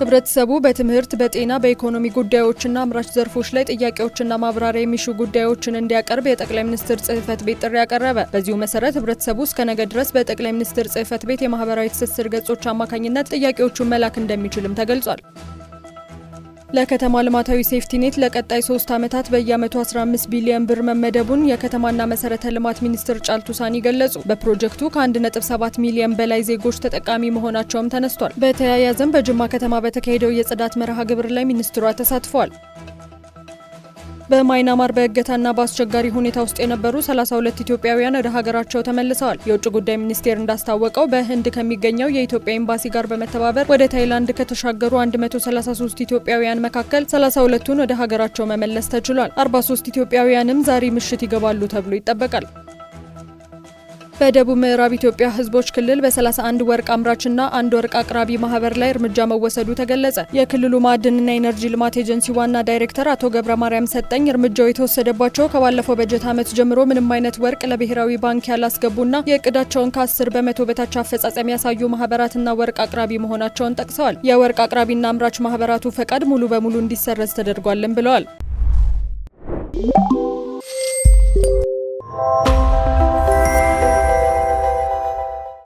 ህብረተሰቡ በትምህርት፣ በጤና፣ በኢኮኖሚ ጉዳዮችና አምራች ዘርፎች ላይ ጥያቄዎችና ማብራሪያ የሚሹ ጉዳዮችን እንዲያቀርብ የጠቅላይ ሚኒስትር ጽህፈት ቤት ጥሪ ያቀረበ። በዚሁ መሰረት ህብረተሰቡ እስከ ነገ ድረስ በጠቅላይ ሚኒስትር ጽህፈት ቤት የማህበራዊ ትስስር ገጾች አማካኝነት ጥያቄዎቹን መላክ እንደሚችልም ተገልጿል። ለከተማ ልማታዊ ሴፍቲኔት ለቀጣይ ሶስት ዓመታት በየዓመቱ 15 ቢሊዮን ብር መመደቡን የከተማና መሰረተ ልማት ሚኒስትር ጫልቱ ሳኒ ገለጹ። በፕሮጀክቱ ከ1.7 ሚሊዮን በላይ ዜጎች ተጠቃሚ መሆናቸውም ተነስቷል። በተያያዘም በጅማ ከተማ በተካሄደው የጽዳት መርሃ ግብር ላይ ሚኒስትሯ ተሳትፏል። በማይናማር በእገታና በአስቸጋሪ ሁኔታ ውስጥ የነበሩ 32 ኢትዮጵያውያን ወደ ሀገራቸው ተመልሰዋል። የውጭ ጉዳይ ሚኒስቴር እንዳስታወቀው በህንድ ከሚገኘው የኢትዮጵያ ኤምባሲ ጋር በመተባበር ወደ ታይላንድ ከተሻገሩ 133 ኢትዮጵያውያን መካከል 32ቱን ወደ ሀገራቸው መመለስ ተችሏል። 43 ኢትዮጵያውያንም ዛሬ ምሽት ይገባሉ ተብሎ ይጠበቃል። በደቡብ ምዕራብ ኢትዮጵያ ህዝቦች ክልል በ31 ወርቅ አምራችና አንድ ወርቅ አቅራቢ ማህበር ላይ እርምጃ መወሰዱ ተገለጸ። የክልሉ ማዕድንና ኤነርጂ ልማት ኤጀንሲ ዋና ዳይሬክተር አቶ ገብረ ማርያም ሰጠኝ እርምጃው የተወሰደባቸው ከባለፈው በጀት ዓመት ጀምሮ ምንም አይነት ወርቅ ለብሔራዊ ባንክ ያላስገቡና የእቅዳቸውን ከ10 በመቶ በታች አፈጻጸም ያሳዩ ማህበራትና ወርቅ አቅራቢ መሆናቸውን ጠቅሰዋል። የወርቅ አቅራቢና አምራች ማህበራቱ ፈቃድ ሙሉ በሙሉ እንዲሰረዝ ተደርጓልን ብለዋል።